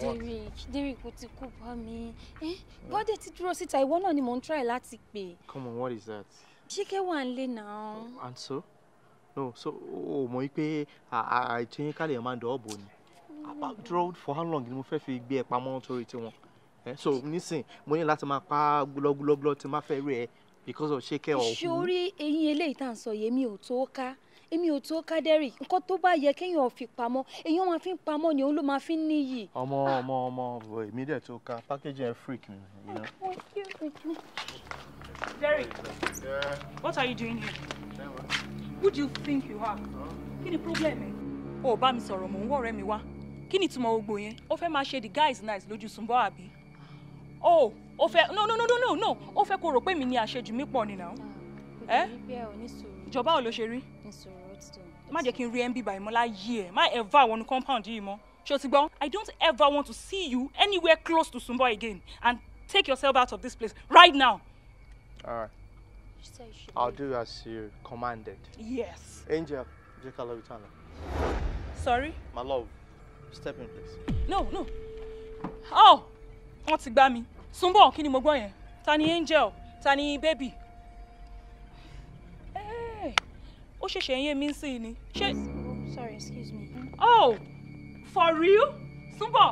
Derek Derek kò ti kó bá mi eh, bọ́dẹ̀ ti dúró síta ìwọ náà ni mò ń try láti pè. come on what is that. ṣíkẹ́ one ń now. náà. Oh, and so no so oh, mọ̀ pé I kálẹ̀ máa ń dọ̀ ọ́ bò ni dúró for how long You mo fẹ́ fi be a pamọ́ torí one. Eh, so nísìn mo ní láti máa pa gúlọ́gúlọ́gúlọ́ tí máa fẹ́ rí ẹ because of ṣé kẹ́ ọ̀hún. ìṣòrí eyín eléyìí tá à ń sọ yìí èmi ò tó ká èmi ò tó ká dẹ́rì nǹkan tó bá yẹ kéèyàn fi pamọ́ èèyàn máa fi ń pamọ́ ni òun ló máa fi ń níyì. ọmọ ọmọ ọmọ bò èmi dẹ̀ tó ká package ẹ̀ freak oh, mi. Derek, what are you doing here? Who do you think you are? Kí ni problem ẹ? O ò bá mi sọ̀rọ̀ mò ń wọ̀rẹ́ mi wá. Kí ni ìtumọ̀ gbogbo yẹn? Ó fẹ́ máa ṣe the guys nice lójú Sunbọ́ àbí? o oh, o fẹ́ no no no no no o fẹ́ kó rò pé mi ni àṣejù mi pọ̀ nìyà. Ah, eh? ẹ ìjọba ò ló ṣe rí má jẹ́ kí n rí ẹ́ ń bíbá ìmọ̀ láyé ẹ̀ má ever wọnú compound yìí mọ́ ṣó ti gbọ́ I don't ever want to see you anywhere close to Sumbo again and take yourself out of this place right now. All right. I'll do as you commanded. Yes. Angel, Jeka Lawitana. Sorry? My love, step in, please. No, no. Oh! wọ́n ti gbá mi súnbọ̀ kí ni mo gbọ́ yẹn ta ni angel ta ni baby ó ṣẹ̀ṣẹ̀ ń yé mi sí i ni ṣé. sorry excuse me. oh for real súnbọ̀.